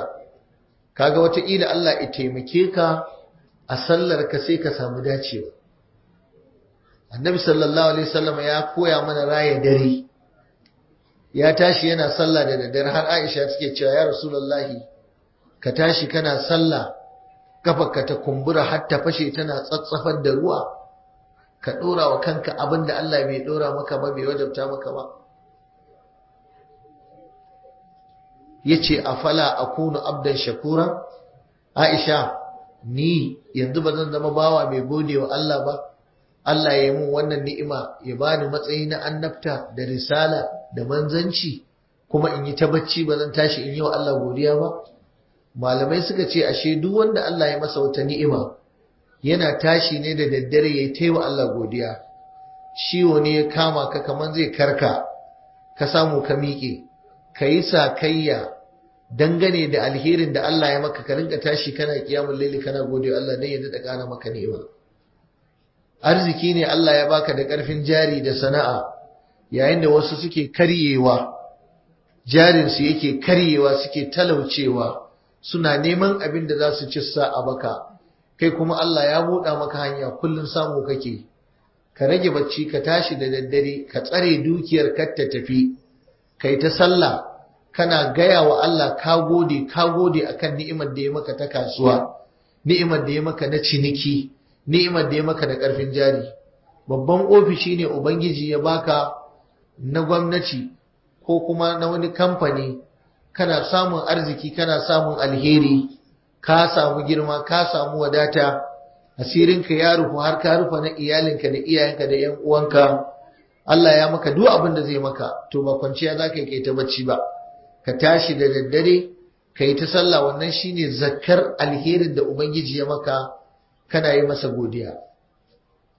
kaga ila Allah ya taimake ka a sallar ka sai ka samu dacewa annabi sallallahu alaihi wasallam ya koya mana raya dare ya tashi yana sallah da daddare har Aisha take cewa ya Rasulullahi ka tashi kana sallah ka ta kumbura har ta fashe tana tsatsafar da ruwa ka dora wa kanka abin da Allah bai dora maka ba bai wajabta maka ba yace afala akunu abdan shakura Aisha ni yanzu ba zan zama bawa mai gode wa Allah ba Allah ya yi mun wannan ni'ima ya bani matsayi na annabta da risala da manzanci kuma in yi ta bacci ba zan tashi in yi wa Allah godiya ba malamai suka ce ashe duk wanda Allah ya masa wata ni'ima yana tashi ne da daddare ya taiwa Allah godiya ciwo ne ya kama ka kamar zai karka ka samu ka miƙe ka yi kayya dangane da alherin da Allah ya maka ka rinka tashi kana kiyamun laili kana godiya Allah ne ya daɗa ƙara maka ni'ima arziki ne Allah ya baka da ƙarfin jari da sana'a yayin da wasu suke karyewa jarinsu yake karyewa suke talaucewa suna neman abin da za su ci sa a baka kai kuma Allah ya buɗa maka hanya kullum samu kake ka rage bacci ka tashi da daddare ka tsare dukiyar ka ta tafi kai ta sallah kana gaya wa Allah ka gode ka gode akan ni'imar da ya maka ta kasuwa ni'imar da ya maka na ciniki ni'imar da ya maka da karfin jari babban ofishi ne ubangiji ya baka na gwamnati ko kuma na wani kamfani kana samun arziki kana samun alheri ka samu girma ka samu wadata asirinka ya rufu har ka rufa na iyalinka da iyayenka da yan uwanka Allah ya maka duk abin da zai maka to ba kwanciya za ka yi ta bacci ba ka tashi da daddare ka yi ta sallah wannan shine zakkar alherin da ubangiji ya maka kana yi masa godiya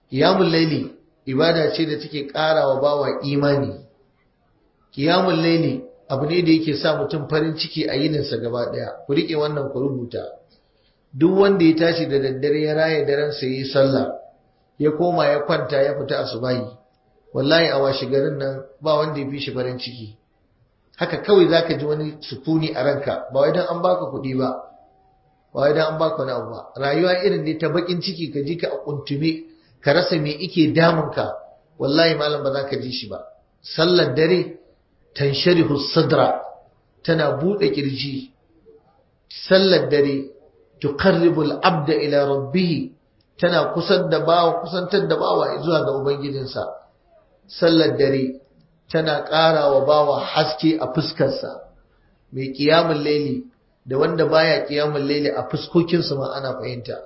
qiyamul laili ibada ce da take karawa bawa imani qiyamul laili abu ne da yake sa mutum farin ciki a yininsa gaba ɗaya ku riƙe wannan ku rubuta duk wanda ya tashi da daddare ya raya daren sa yi sallah ya koma ya kwanta ya fita asubahi wallahi a washi garin nan ba wanda ya fi shi farin ciki haka kawai zaka ji wani sukuni a ranka ba wai dan an baka kuɗi ba ba wai dan an baka wani abu ba rayuwa irin ne ta bakin ciki ka ji ka kuntume ka rasa me ike damun ka wallahi malam ba zaka ji shi ba sallar dare tansharihu sadra tana buɗe ƙirji. sallar dare tuqarribul abda ila rabbih tana kusan da bawa kusantar da bawa zuwa ga ubangijinsa sallar dare tana ƙarawa bawa haske a fuskarsa mai kiyamul laili da wanda baya kiyamul laili a fuskokinsu ma ana fahimta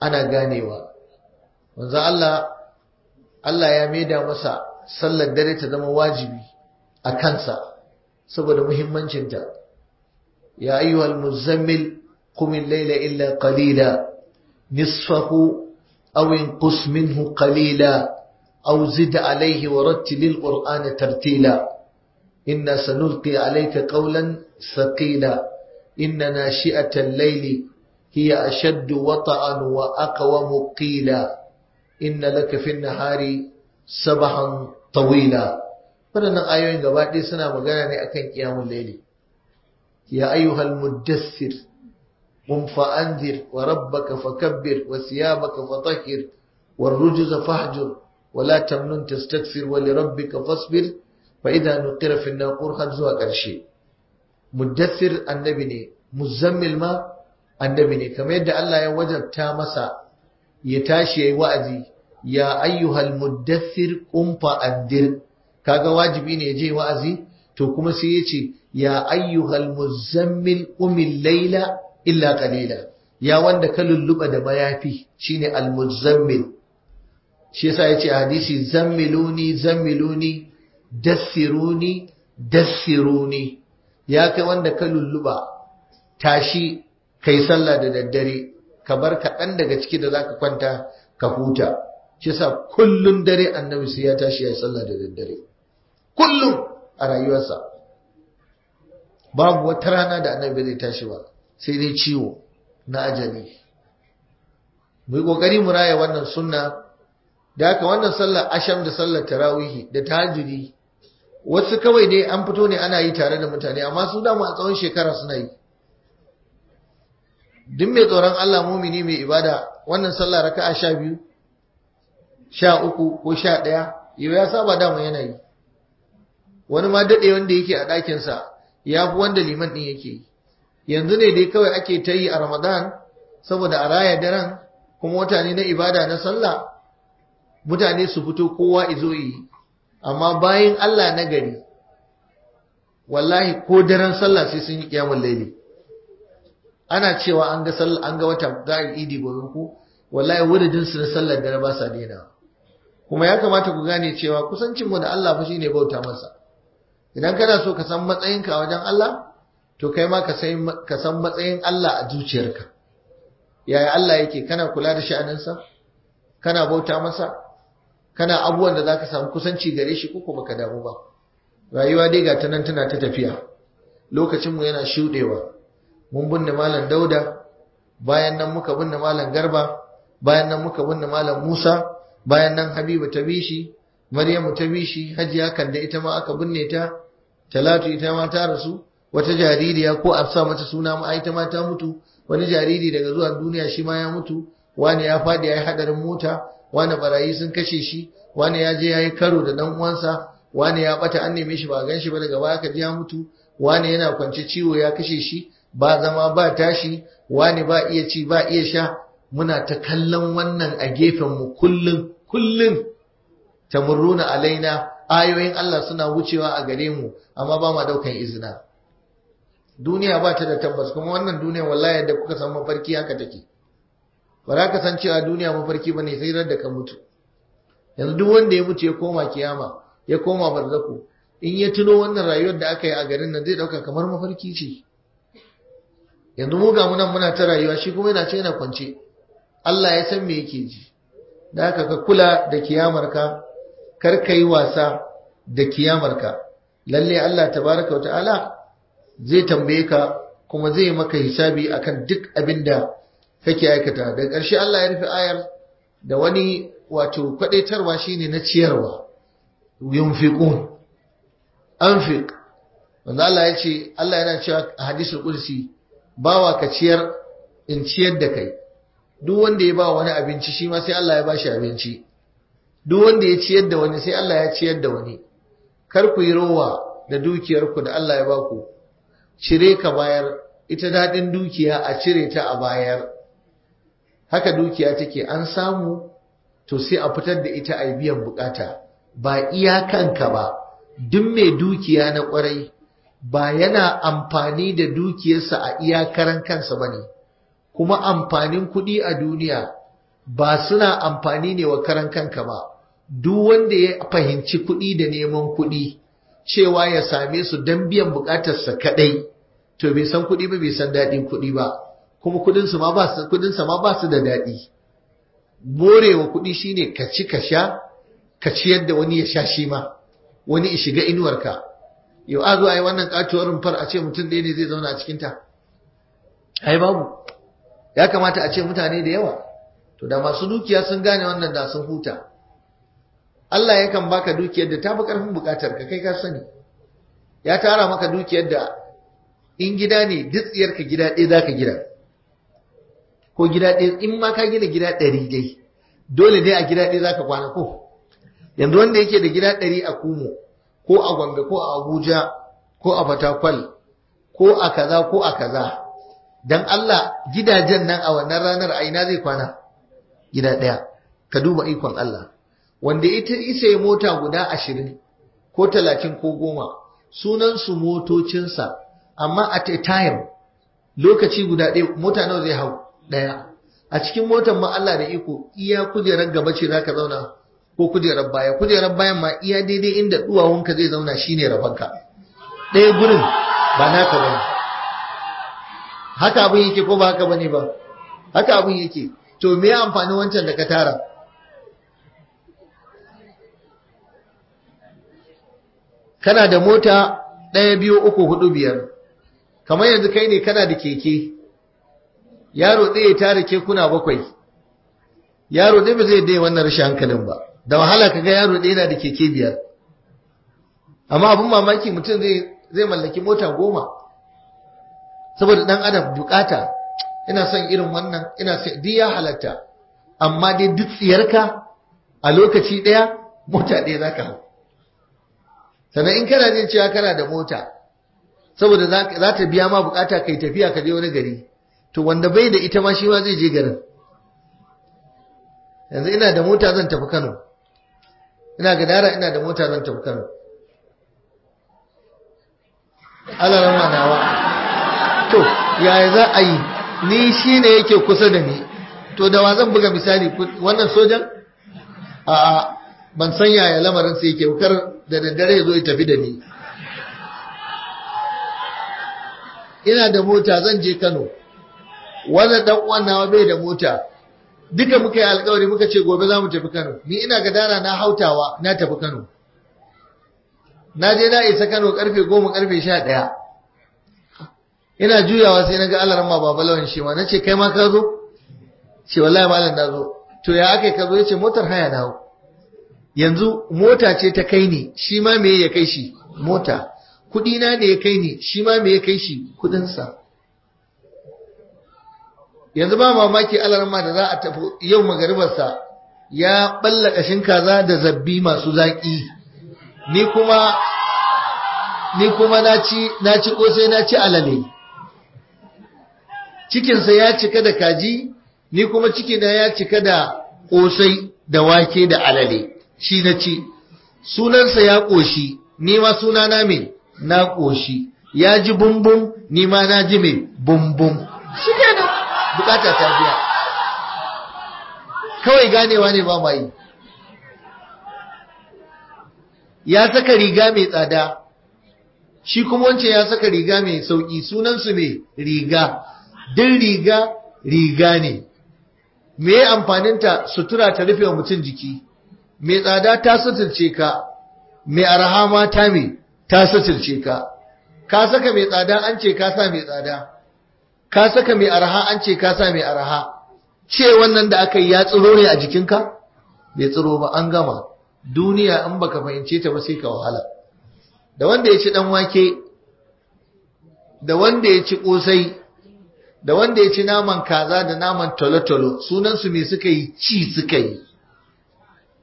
ana ganewa wanzu Allah Allah ya maida masa sallar dare ta zama wajibi a kansa saboda muhimmancinta ya ayyuhal muzammil qum al-layla illa qalila nisfahu aw inqus minhu qalila aw zid alayhi wa rattilil qur'ana tartila inna sanulqi alayka qawlan thaqila inna nashi'atal layli hiya ashaddu wata'an wa aqwamu qila inna laka fi an-nahari sabahan طويلا waɗannan ayoyin gaba ɗaya suna magana ne akan kiyamun laili ya ayyuhal mudassir qum fa'anzir wa rabbaka fakabbir wa siyabaka fatahhir war rujza fahjur wa la tamnun tastakfir wa li rabbika fasbir fa idha nuqira fi an zuwa ƙarshe mudassir annabi ne muzammil ma annabi ne kamar yadda Allah ya wajabta masa ya tashi yayi wa'azi ya ayyuhal mudassir qum fa'anzir kaga wajibi ne ya je wa'azi to kuma sai ya ce ya ayyuhal muzammil umil laila illa qalila ya wanda ka lulluba da mayafi shine al muzammil shi yasa yace a hadisi zammiluni zammiluni dassiruni dassiruni ya kai wanda ka lulluba tashi kai sallah da daddare ka bar kaɗan daga ciki da zaka kwanta ka huta shi yasa kullun dare annabi sai ya tashi ya sallah da daddare kullum a rayuwarsa babu wata rana da annabi zai tashi ba sai dai ciwo na ajali mu yi kokari mu raya wannan sunna da haka wannan sallar asham da sallar tarawihi da tahajjudi wasu kawai dai an fito ne ana yi tare da mutane amma su dama a tsawon shekara suna yi duk mai tsoron Allah mumini mai ibada wannan sallah raka'a sha biyu sha uku ko sha ɗaya yau ya saba dama yana yi wani ma daɗe wanda yake a ɗakinsa ya fi wanda liman ɗin yake yi yanzu ne dai kawai ake ta yi a ramadan saboda a raya daren kuma mutane na ibada na sallah mutane su fito kowa izo yi amma bayan allah na gari wallahi ko daren sallah sai sun yi kyamun laili ana cewa an ga sallah an ga wata za idi gobe ku wallahi wadadin su na sallar dare ba sa daina kuma ya kamata ku gane cewa kusancinmu da Allah fa shine bauta masa idan kana so ka san matsayinka a wajen Allah to kai ma ka san matsayin Allah a zuciyarka yaya Allah yake kana kula da sha'aninsa kana bauta masa kana abubuwan da za ka samu kusanci gare shi ko kuma ka damu ba rayuwa dai ga ta nan tana ta tafiya lokacinmu yana shuɗewa mun binne malam dauda bayan nan muka binne malam garba bayan nan muka binne malam musa bayan nan habiba ta bi shi maryamu ta bi shi hajiya kan da ita ma aka binne ta talatu ita ma ta rasu wata jaririya ko a sa mata suna ma ita ma ta mutu wani jariri daga zuwa duniya shi ma ya mutu wani ya fadi ya yi hadarin mota wani barayi sun kashe shi wani ya je ya yi karo da dan uwansa wani ya bata an neme shi ba gan shi ba daga baya ka ji ya mutu wani yana kwance ciwo ya kashe shi ba zama ba tashi wani ba iya ci ba iya sha muna ta kallon wannan a gefen mu kullum kullum tamurruna alaina ayoyin Allah suna wucewa a gare mu amma ba ma daukan izina duniya ba ta da tabbas kuma wannan duniya wallahi yadda kuka san mafarki haka take ba za ka san cewa duniya mafarki bane sai rar da ka mutu yanzu duk wanda ya mutu ya koma kiyama ya koma barzaku in ya tuno wannan rayuwar da aka yi a garin nan zai dauka kamar mafarki ce yanzu mu ga munan muna ta rayuwa shi kuma yana ce yana kwance Allah ya san me yake ji da haka ka kula da kiyamar ka kar ka yi wasa da kiyamarka lalle Allah tabaraka wata'ala zai tambaye ka kuma zai maka hisabi akan duk abin da kake aikata da ƙarshe Allah ya rufe ayar da wani wato kwadaitarwa shine na ciyarwa yunfiqun anfiq wanda Allah ya ce Allah yana cewa a hadisul qudsi bawa ka ciyar in ciyar da kai duk wanda ya ba wani abinci shi ma sai Allah ya bashi abinci duk wanda ya ciyar da wani sai Allah ya ciyar da wani kar ku yi rowa da dukiyarku da Allah ya baku cire ka bayar ita daɗin dukiya a cire ta a bayar haka dukiya take an samu to sai a fitar da ita a biyan bukata ba iya kanka ba duk mai dukiya na kwarai ba yana amfani da dukiyarsa a iyakaran kansa ba ne kuma amfanin kuɗi a duniya ba suna amfani ne wa karan kanka ba duk wanda ya fahimci kuɗi da neman kuɗi cewa ya same su don biyan buƙatarsa kaɗai to bai san kuɗi ba bai san daɗin kuɗi ba kuma kuɗinsa ma ba su da daɗi morewa kuɗi shine ka ci ka sha ka ciyar da wani ya sha shi ma wani ya shiga inuwarka yau a zo yi wannan katuwar rumfar a ce mutum ɗaya ne zai zauna a cikinta ai babu ya kamata a ce mutane da yawa to da masu dukiya sun gane wannan da sun huta Allah yakan baka dukiyar da tafi karfin bukatar ka kai ka sani ya tara maka dukiyar da in gida ne dutsiyar ka gida ɗaya zaka gida ko gida ɗaya in ma ka gina gida ɗari dai dole dai a gida ɗaya zaka kwana ko yanzu wanda yake da gida ɗari a Kumo ko a Gwanga ko a Abuja ko a Fatakwal ko a kaza ko a kaza dan Allah gidajen nan a wannan ranar a zai kwana gida ɗaya ka duba ikon Allah wanda ita isa mota guda ashirin ko talatin ko goma sunansu motocinsa amma at a time lokaci guda ɗaya mota nawa zai hau ɗaya a cikin motar ma Allah da iko iya kujerar gaba ce za ka zauna ko kujerar baya kujerar bayan ma iya daidai inda duwawunka zai zauna shine rabanka ɗaya gurin ba naka bane haka abin yake ko ba haka bane ba haka abin yake to me amfanin wancan da ka tara kana da mota ɗaya biyu uku hudu biyar kamar yanzu kai ne kana da keke yaro ɗaya tara kekuna bakwai yaro ɗaya ba zai dai wannan rashin hankalin ba da wahala ka ga yaro ɗaya na da keke biyar amma abin mamaki mutum zai mallaki mota goma saboda ɗan adam bukata ina son irin wannan ina son duk ya halatta amma dai duk tsiyarka a lokaci ɗaya mota ɗaya za ka hau sannan in kana jin cewa kana da mota saboda za ta biya ma bukata kai tafiya ka je wani gari to wanda bai da ita ma shi ma zai je garin yanzu ina da mota zan tafi Kano ina gadara ina da mota zan tafi Kano alaran manawa to yaya za a yi ni shi ne yake kusa da ni to da wa zan buga misali wannan sojan a ban san yaya lamarin sai yake kar da daddare zo ya tafi da ni ina da mota zan je Kano wannan dan uwan nawa bai da mota duka muka yi alƙawari muka ce gobe za mu tafi Kano ni ina gadara na hautawa na tafi Kano na je na isa Kano karfe 10 karfe 11 ina juyawa sai naga Allah ramma baba lawan shi ma nace kai ma ka zo ce wallahi malam na zo to ya akai ka zo yace motar haya na hau yanzu mota ce ta kai ni shi ma me ya kai shi mota kudi na da ya kai ni shi ma me ya kai shi kudinsa yanzu ba mamaki alarma da za a tafi yau sa ya balla kashin kaza da zabbi masu zaki ni kuma ni kuma na ci na ci kosai na ci alale cikinsa ya cika da kaji ni kuma cikina ya cika da kosai da wake da alale shi na ci sunansa ya ƙoshi ni ma sunana me na ƙoshi ya ji bumbum ni ma na ji me bumbum shi kenan bukata ta biya kawai ganewa ne ba mai ya saka riga mai tsada shi kuma wancan ya saka riga mai sauki sunansu ne riga din riga riga ne me amfaninta sutura ta rufe wa mutum jiki mai tsada ta suturce ka mai araha mata ta me ta suturce ka ka saka mai tsada an ce ka sa mai tsada ka saka mai arha an ce ka sa mai arha ce wannan da aka yi ya tsiro ne a jikinka bai tsiro ba an gama duniya in baka fahimce ta ba sai ka wahala da wanda ya ci dan wake da wanda ya ci kosai da wanda ya ci naman kaza da naman tolotolo sunansu me suka yi ci suka yi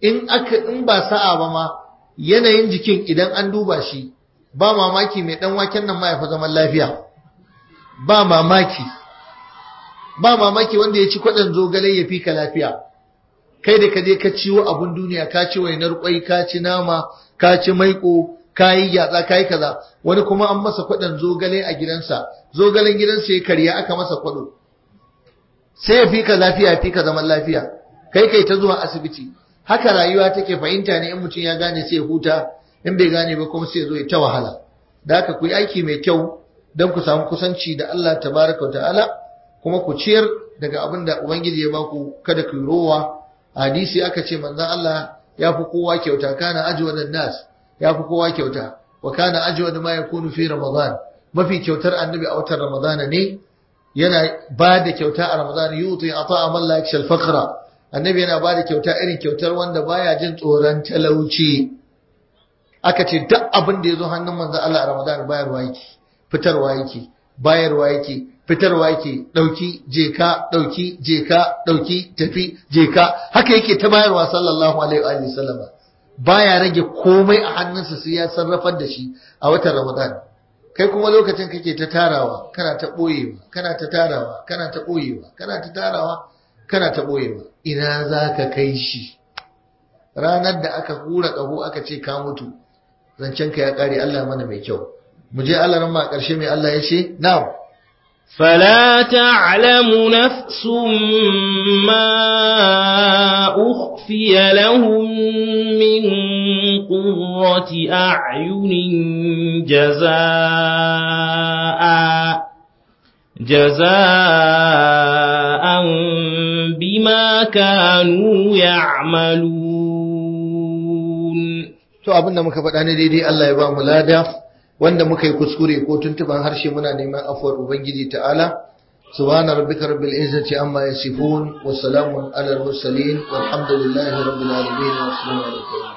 in aka in ba sa'a ba ma yanayin jikin idan an duba shi ba mamaki mai dan waken nan ma ya zaman lafiya ba mamaki ba mamaki wanda ya ci kwadan zogale ya fi ka lafiya kai da ka je ka ciwo abun duniya ka ci wainar kwai ka ci nama ka ci maiko ka yi gyatsa ka yi kaza wani kuma an masa kwadan zogale a gidansa zogalen gidansa ya karya aka masa kwaɗo sai ya fi ka lafiya ya fi ka zaman lafiya kai kai ta zuwa asibiti haka rayuwa take fahimta ne in mutum ya gane sai huta in bai gane ba kuma sai zo ya ta wahala da haka ku yi aiki mai kyau don ku samu kusanci da Allah tabaraka wa ta'ala kuma ku ciyar daga abin da ubangiji ya baku kada ku rowa hadisi aka ce manzon Allah ya fi kowa kyauta kana ajwadan nas ya fi kowa kyauta wa kana ajwad ma yakunu fi ramadan mafi kyautar annabi a watan ramadana ne yana ba da kyauta a ramadana yuti ata man la yakshal faqra annabi yana ba da kyauta irin kyautar wanda baya jin tsoron talauci aka ce duk abin da ya zo hannun manzo Allah a Ramadan bayarwa yake fitarwa yake bayarwa yake fitarwa yake dauki je ka dauki je ka dauki tafi je ka haka yake ta bayarwa sallallahu alaihi wa sallama baya rage komai a hannunsa sai ya sarrafa da shi a watan Ramadan kai kuma lokacin kake ta tarawa kana ta boyewa kana ta tarawa kana ta boyewa kana ta tarawa kana ta ɓoyewa ina za ka kai shi ranar da aka hura ƙaho aka ce ka mutu zancen ka ya ƙare Allah mana mai kyau mu je Allah ran ma ƙarshe mai Allah ya ce now فلا تعلم نفس ما أخفي لهم من قرة أعين جزاء جزاء بما كانوا يعملون to abin da muka faɗa ne daidai Allah ya ba mu lada wanda muka yi kuskure ko tuntuban harshe muna neman afuwar ubangiji ta'ala subhana rabbika rabbil izzati amma yasifun wa salamun mursalin walhamdulillahi rabbil alamin wa assalamu alaikum